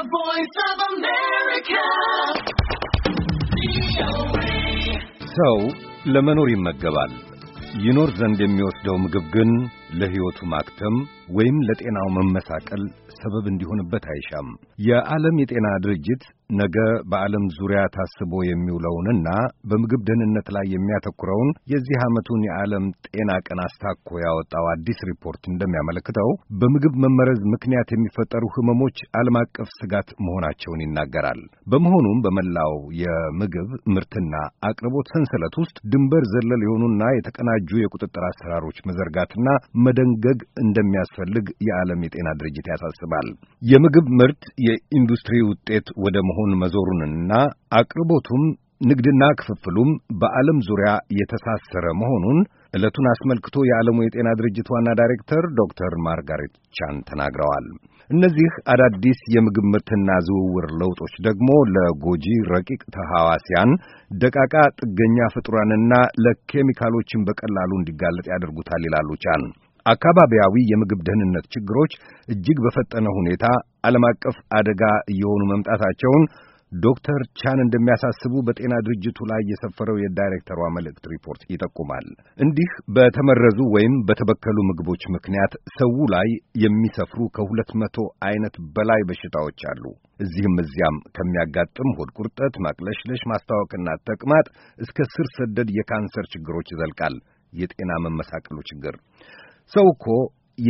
The voice of America. ሰው ለመኖር ይመገባል። ይኖር ዘንድ የሚወስደው ምግብ ግን ለሕይወቱ ማክተም ወይም ለጤናው መመሳቀል ሰበብ እንዲሆንበት አይሻም። የዓለም የጤና ድርጅት ነገ በዓለም ዙሪያ ታስቦ የሚውለውንና በምግብ ደህንነት ላይ የሚያተኩረውን የዚህ ዓመቱን የዓለም ጤና ቀን አስታኮ ያወጣው አዲስ ሪፖርት እንደሚያመለክተው በምግብ መመረዝ ምክንያት የሚፈጠሩ ህመሞች ዓለም አቀፍ ስጋት መሆናቸውን ይናገራል። በመሆኑም በመላው የምግብ ምርትና አቅርቦት ሰንሰለት ውስጥ ድንበር ዘለል የሆኑና የተቀናጁ የቁጥጥር አሰራሮች መዘርጋትና መደንገግ እንደሚያስፈልግ የዓለም የጤና ድርጅት ያሳስባል። የምግብ ምርት የኢንዱስትሪ ውጤት ወደ አሁን መዞሩንና አቅርቦቱም ንግድና ክፍፍሉም በዓለም ዙሪያ የተሳሰረ መሆኑን ዕለቱን አስመልክቶ የዓለሙ የጤና ድርጅት ዋና ዳይሬክተር ዶክተር ማርጋሬት ቻን ተናግረዋል። እነዚህ አዳዲስ የምግብ ምርትና ዝውውር ለውጦች ደግሞ ለጎጂ ረቂቅ ተሐዋስያን፣ ደቃቃ ጥገኛ ፍጡራንና ለኬሚካሎችን በቀላሉ እንዲጋለጥ ያደርጉታል ይላሉ ቻን። አካባቢያዊ የምግብ ደህንነት ችግሮች እጅግ በፈጠነ ሁኔታ ዓለም አቀፍ አደጋ እየሆኑ መምጣታቸውን ዶክተር ቻን እንደሚያሳስቡ በጤና ድርጅቱ ላይ የሰፈረው የዳይሬክተሯ መልእክት ሪፖርት ይጠቁማል። እንዲህ በተመረዙ ወይም በተበከሉ ምግቦች ምክንያት ሰው ላይ የሚሰፍሩ ከሁለት መቶ አይነት በላይ በሽታዎች አሉ። እዚህም እዚያም ከሚያጋጥም ሆድ ቁርጠት፣ ማቅለሽለሽ፣ ማስታወክና ተቅማጥ እስከ ስር ሰደድ የካንሰር ችግሮች ይዘልቃል። የጤና መመሳቀሉ ችግር ሰው እኮ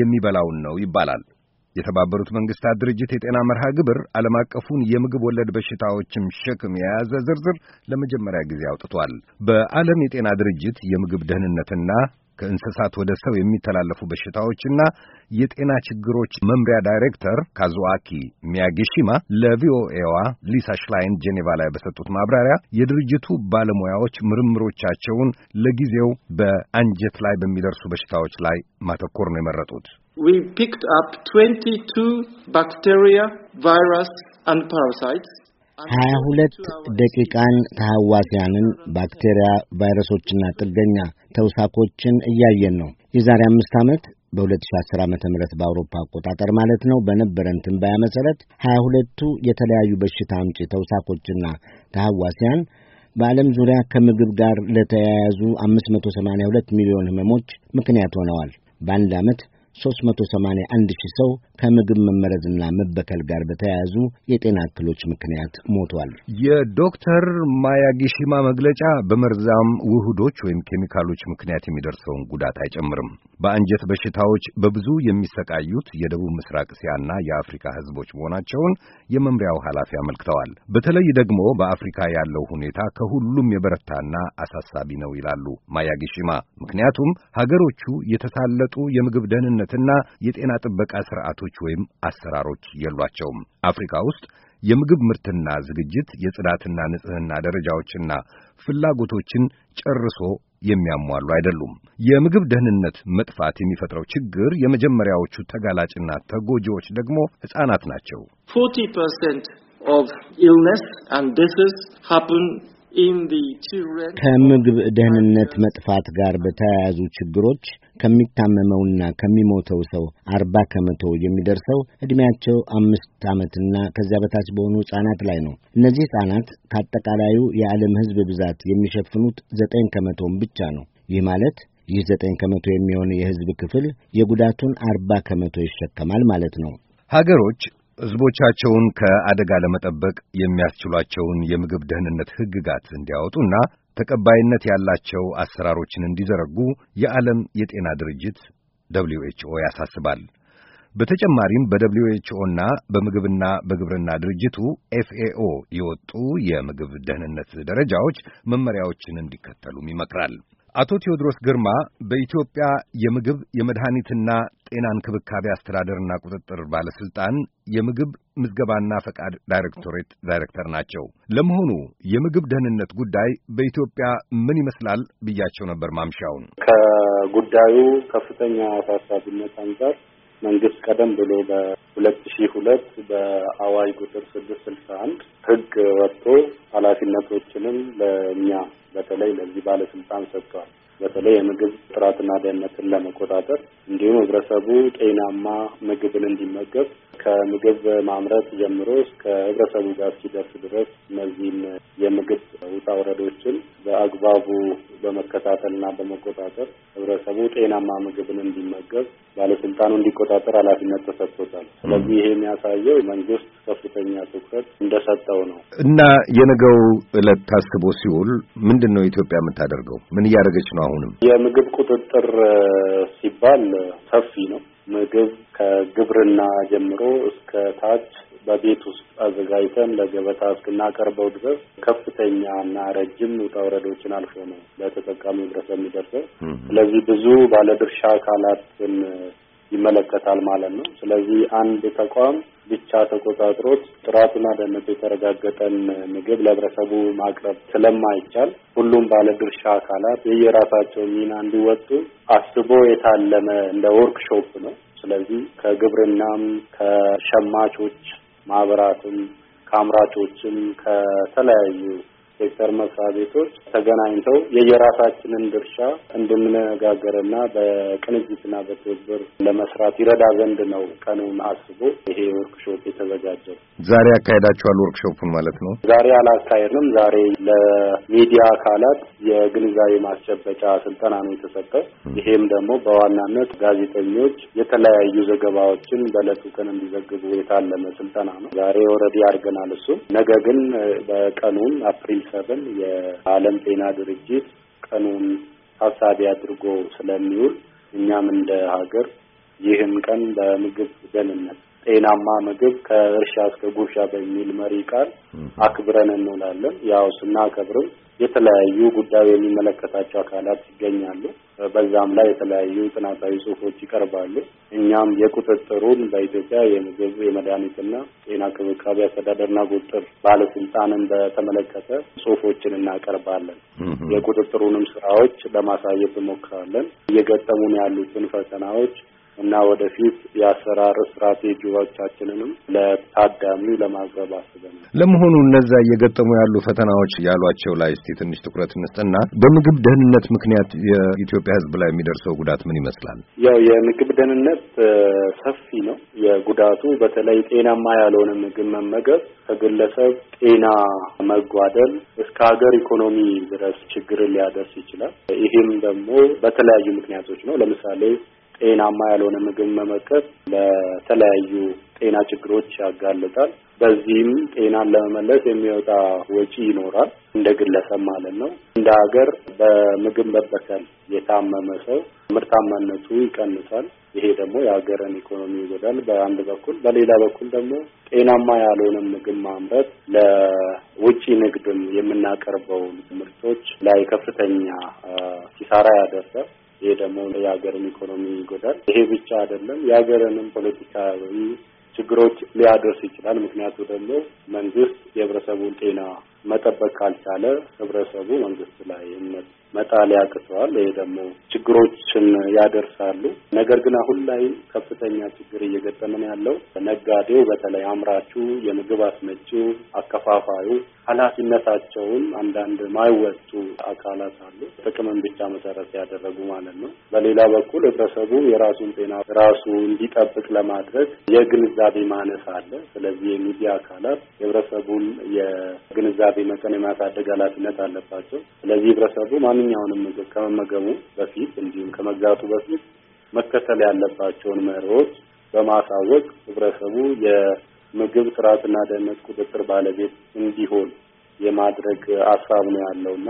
የሚበላውን ነው ይባላል። የተባበሩት መንግስታት ድርጅት የጤና መርሃ ግብር ዓለም አቀፉን የምግብ ወለድ በሽታዎችም ሸክም የያዘ ዝርዝር ለመጀመሪያ ጊዜ አውጥቷል። በዓለም የጤና ድርጅት የምግብ ደህንነትና ከእንስሳት ወደ ሰው የሚተላለፉ በሽታዎችና የጤና ችግሮች መምሪያ ዳይሬክተር ካዙዋኪ ሚያጌሺማ ለቪኦኤዋ ሊሳ ሽላይን ጄኔቫ ላይ በሰጡት ማብራሪያ የድርጅቱ ባለሙያዎች ምርምሮቻቸውን ለጊዜው በአንጀት ላይ በሚደርሱ በሽታዎች ላይ ማተኮር ነው የመረጡት። we picked up 22 bacteria, virus and parasites. ሀያ ሁለት ደቂቃን ተሐዋሲያንን ባክቴሪያ፣ ቫይረሶችና ጥገኛ ተውሳኮችን እያየን ነው። የዛሬ አምስት ዓመት በ2010 ዓ.ም በአውሮፓ አቆጣጠር ማለት ነው። በነበረን ትንባያ መሠረት ሀያ ሁለቱ የተለያዩ በሽታ አምጪ ተውሳኮችና ተሐዋሲያን በዓለም ዙሪያ ከምግብ ጋር ለተያያዙ 582 ሚሊዮን ህመሞች ምክንያት ሆነዋል። በአንድ ዓመት 381 ሺህ ሰው ከምግብ መመረዝና መበከል ጋር በተያያዙ የጤና እክሎች ምክንያት ሞቷል። የዶክተር ማያጊሺማ መግለጫ በመርዛም ውህዶች ወይም ኬሚካሎች ምክንያት የሚደርሰውን ጉዳት አይጨምርም። በአንጀት በሽታዎች በብዙ የሚሰቃዩት የደቡብ ምስራቅ እስያና የአፍሪካ ሕዝቦች መሆናቸውን የመምሪያው ኃላፊ አመልክተዋል። በተለይ ደግሞ በአፍሪካ ያለው ሁኔታ ከሁሉም የበረታና አሳሳቢ ነው ይላሉ ማያጊሺማ። ምክንያቱም ሀገሮቹ የተሳለጡ የምግብ ደህንነትና የጤና ጥበቃ ስርዓቶች ስርዓቶች ወይም አሰራሮች የሏቸውም። አፍሪካ ውስጥ የምግብ ምርትና ዝግጅት የጽዳትና ንጽህና ደረጃዎችና ፍላጎቶችን ጨርሶ የሚያሟሉ አይደሉም። የምግብ ደህንነት መጥፋት የሚፈጥረው ችግር የመጀመሪያዎቹ ተጋላጭና ተጎጂዎች ደግሞ ሕፃናት ናቸው። ከምግብ ደህንነት መጥፋት ጋር በተያያዙ ችግሮች ከሚታመመውና ከሚሞተው ሰው አርባ ከመቶ የሚደርሰው ዕድሜያቸው አምስት ዓመትና ከዚያ በታች በሆኑ ሕፃናት ላይ ነው። እነዚህ ሕፃናት ከአጠቃላዩ የዓለም ሕዝብ ብዛት የሚሸፍኑት ዘጠኝ ከመቶውን ብቻ ነው። ይህ ማለት ይህ ዘጠኝ ከመቶ የሚሆን የሕዝብ ክፍል የጉዳቱን አርባ ከመቶ ይሸከማል ማለት ነው። ሀገሮች ሕዝቦቻቸውን ከአደጋ ለመጠበቅ የሚያስችሏቸውን የምግብ ደህንነት ሕግጋት እንዲያወጡና ተቀባይነት ያላቸው አሰራሮችን እንዲዘረጉ የዓለም የጤና ድርጅት ደብሊው ኤችኦ ያሳስባል። በተጨማሪም በደብሊው ኤችኦና እና በምግብና በግብርና ድርጅቱ ኤፍኤኦ የወጡ የምግብ ደህንነት ደረጃዎች መመሪያዎችን እንዲከተሉም ይመክራል። አቶ ቴዎድሮስ ግርማ በኢትዮጵያ የምግብ የመድኃኒትና ጤና እንክብካቤ አስተዳደርና ቁጥጥር ባለሥልጣን የምግብ ምዝገባና ፈቃድ ዳይሬክቶሬት ዳይሬክተር ናቸው። ለመሆኑ የምግብ ደህንነት ጉዳይ በኢትዮጵያ ምን ይመስላል ብያቸው ነበር ማምሻውን። ከጉዳዩ ከፍተኛ አሳሳቢነት አንጻር መንግስት ቀደም ብሎ በሁለት ሺ ሁለት በአዋጅ ቁጥር ስድስት ስልሳ አንድ ህግ ወጥቶ ኃላፊነቶችንም ለእኛ በተለይ ለዚህ ባለስልጣን ሰጥቷል። በተለይ የምግብ ጥራትና ደህንነትን ለመቆጣጠር እንዲሁም ህብረተሰቡ ጤናማ ምግብን እንዲመገብ ከምግብ ማምረት ጀምሮ እስከ ህብረተሰቡ ጋር ሲደርስ ድረስ እነዚህም የምግብ ውጣ ውረዶችን በአግባቡ በመከታተልና በመቆጣጠር ህብረተሰቡ ጤናማ ምግብን እንዲመገብ ባለስልጣኑ እንዲቆጣጠር ኃላፊነት ተሰጥቶታል። ስለዚህ ይሄ የሚያሳየው መንግስት ከፍተኛ ትኩረት እንደሰጠው ነው እና የነገው ዕለት ታስቦ ሲውል ምንድን ነው ኢትዮጵያ የምታደርገው? ምን እያደረገች ነው? አሁንም የምግብ ቁጥጥር ሲባል ሰፊ ነው። ምግብ ከግብርና ጀምሮ እስከ ታች በቤት ውስጥ አዘጋጅተን ለገበታ እስክናቀርበው ድረስ ከፍተኛ እና ረጅም ውጣ ውረዶችን አልፎ ነው ለተጠቃሚ ህብረተሰብ የሚደርሰው። ስለዚህ ብዙ ባለድርሻ አካላትን ይመለከታል ማለት ነው። ስለዚህ አንድ ተቋም ብቻ ተቆጣጥሮት ጥራቱና ደህንነቱ የተረጋገጠን ምግብ ለህብረተሰቡ ማቅረብ ስለማይቻል ሁሉም ባለድርሻ አካላት የየራሳቸው ሚና እንዲወጡ አስቦ የታለመ እንደ ወርክሾፕ ነው። ስለዚህ ከግብርናም ከሸማቾች ማህበራትም ከአምራቾችም ከተለያዩ ሴክተር መስሪያ ቤቶች ተገናኝተው የየራሳችንን ድርሻ እንድንነጋገርና በቅንጅትና በትብብር ለመስራት ይረዳ ዘንድ ነው ቀኑን አስቦ ይሄ ወርክሾፕ የተዘጋጀው። ዛሬ ያካሄዳችኋል ወርክሾፑን ማለት ነው? ዛሬ አላካሄድንም። ዛሬ ለሚዲያ አካላት የግንዛቤ ማስጨበጫ ስልጠና ነው የተሰጠው። ይሄም ደግሞ በዋናነት ጋዜጠኞች የተለያዩ ዘገባዎችን በዕለቱ ቀን እንዲዘግቡ የታለመ ስልጠና ነው። ዛሬ ኦልሬዲ አድርገናል። እሱም። ነገ ግን በቀኑን አፕሪል ሰብል የዓለም ጤና ድርጅት ቀኑን ታሳቢ አድርጎ ስለሚውል እኛም እንደ ሀገር ይህን ቀን በምግብ ደህንነት ጤናማ ምግብ ከእርሻ እስከ ጉርሻ በሚል መሪ ቃል አክብረን እንውላለን። ያው ስናከብርም የተለያዩ ጉዳዩ የሚመለከታቸው አካላት ይገኛሉ። በዛም ላይ የተለያዩ ጥናታዊ ጽሁፎች ይቀርባሉ። እኛም የቁጥጥሩን በኢትዮጵያ የምግብ የመድኃኒትና ጤና ክብካቤ አስተዳደርና ቁጥጥር ባለስልጣንን በተመለከተ ጽሁፎችን እናቀርባለን። የቁጥጥሩንም ስራዎች ለማሳየት እንሞክራለን። እየገጠሙን ያሉትን ፈተናዎች እና ወደፊት የአሰራር ስትራቴጂዎቻችንንም ለታዳሚ ለማቅረብ አስበናል። ለመሆኑ እነዛ እየገጠሙ ያሉ ፈተናዎች ያሏቸው ላይ እስቲ ትንሽ ትኩረት እንስጥና በምግብ ደህንነት ምክንያት የኢትዮጵያ ሕዝብ ላይ የሚደርሰው ጉዳት ምን ይመስላል? ያው የምግብ ደህንነት ሰፊ ነው። የጉዳቱ በተለይ ጤናማ ያልሆነ ምግብ መመገብ ከግለሰብ ጤና መጓደል እስከ ሀገር ኢኮኖሚ ድረስ ችግርን ሊያደርስ ይችላል። ይህም ደግሞ በተለያዩ ምክንያቶች ነው። ለምሳሌ ጤናማ ያልሆነ ምግብ መመገብ ለተለያዩ ጤና ችግሮች ያጋልጣል። በዚህም ጤናን ለመመለስ የሚወጣ ወጪ ይኖራል፣ እንደ ግለሰብ ማለት ነው። እንደ ሀገር በምግብ መበከል የታመመ ሰው ምርታማነቱ ይቀንሳል። ይሄ ደግሞ የሀገርን ኢኮኖሚ ይጎዳል በአንድ በኩል። በሌላ በኩል ደግሞ ጤናማ ያልሆነ ምግብ ማምረት ለውጭ ንግድም የምናቀርበውን ምርቶች ላይ ከፍተኛ ኪሳራ ያደርሳል። ይህ ደግሞ የሀገርን ኢኮኖሚ ይጎዳል። ይሄ ብቻ አይደለም፣ የሀገርንም ፖለቲካዊ ችግሮች ሊያደርስ ይችላል። ምክንያቱ ደግሞ መንግስት የህብረተሰቡን ጤና መጠበቅ ካልቻለ ህብረተሰቡ መንግስት ላይ እምነት መጣል ያቅተዋል። ይሄ ደግሞ ችግሮችን ያደርሳሉ። ነገር ግን አሁን ላይ ከፍተኛ ችግር እየገጠመን ያለው ነጋዴው፣ በተለይ አምራቹ፣ የምግብ አስመጪው፣ አከፋፋዩ ኃላፊነታቸውን አንዳንድ ማይወጡ አካላት አሉ፣ ጥቅምን ብቻ መሰረት ያደረጉ ማለት ነው። በሌላ በኩል ህብረተሰቡ የራሱን ጤና ራሱ እንዲጠብቅ ለማድረግ የግንዛቤ ማነስ አለ። ስለዚህ የሚዲያ አካላት የህብረተሰቡን የግንዛቤ በተቻለ መጠን የማሳደግ ኃላፊነት አለባቸው። ስለዚህ ህብረተሰቡ ማንኛውንም ምግብ ከመመገቡ በፊት እንዲሁም ከመግዛቱ በፊት መከተል ያለባቸውን መርሆች በማሳወቅ ህብረተሰቡ የምግብ ጥራትና ደህንነት ቁጥጥር ባለቤት እንዲሆን የማድረግ ሀሳብ ነው ያለውና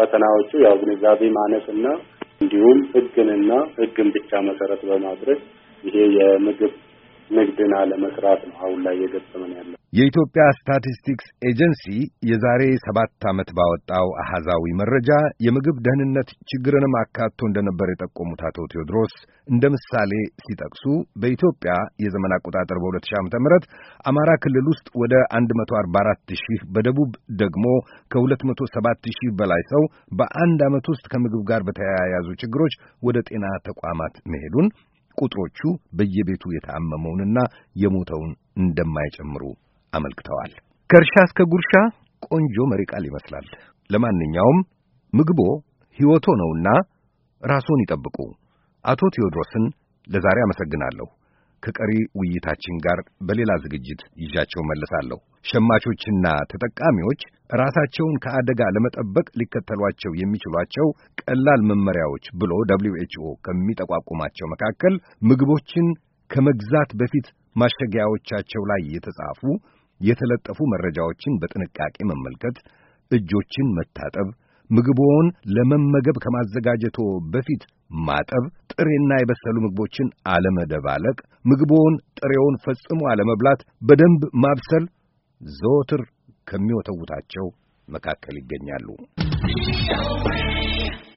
ፈተናዎቹ ያው ግንዛቤ እና እንዲሁም ህግንና ህግን ብቻ መሰረት በማድረግ ይሄ የምግብ ንግድን አለመስራት ነው አሁን ላይ እየገጠመን ያለ። የኢትዮጵያ ስታቲስቲክስ ኤጀንሲ የዛሬ ሰባት ዓመት ባወጣው አሃዛዊ መረጃ የምግብ ደህንነት ችግርንም አካቶ እንደነበር የጠቆሙት አቶ ቴዎድሮስ እንደ ምሳሌ ሲጠቅሱ በኢትዮጵያ የዘመን አቆጣጠር በ2000 ዓ ም አማራ ክልል ውስጥ ወደ 144 ሺህ በደቡብ ደግሞ ከ207 ሺህ በላይ ሰው በአንድ ዓመት ውስጥ ከምግብ ጋር በተያያዙ ችግሮች ወደ ጤና ተቋማት መሄዱን ቁጥሮቹ በየቤቱ የታመመውንና የሞተውን እንደማይጨምሩ አመልክተዋል። ከእርሻ እስከ ጉርሻ ቆንጆ መሪ ቃል ይመስላል። ለማንኛውም ምግቦ ሕይወቶ ነውና ራስዎን ይጠብቁ። አቶ ቴዎድሮስን ለዛሬ አመሰግናለሁ። ከቀሪ ውይይታችን ጋር በሌላ ዝግጅት ይዣቸው መለሳለሁ። ሸማቾችና ተጠቃሚዎች ራሳቸውን ከአደጋ ለመጠበቅ ሊከተሏቸው የሚችሏቸው ቀላል መመሪያዎች ብሎ ደብሊው ኤች ኦ ከሚጠቋቁማቸው መካከል ምግቦችን ከመግዛት በፊት ማሸጊያዎቻቸው ላይ የተጻፉ የተለጠፉ መረጃዎችን በጥንቃቄ መመልከት፣ እጆችን መታጠብ፣ ምግቦን ለመመገብ ከማዘጋጀቶ በፊት ማጠብ፣ ጥሬና የበሰሉ ምግቦችን አለመደባለቅ፣ ምግቦን ጥሬውን ፈጽሞ አለመብላት፣ በደንብ ማብሰል ዘወትር ከሚወተውታቸው መካከል ይገኛሉ።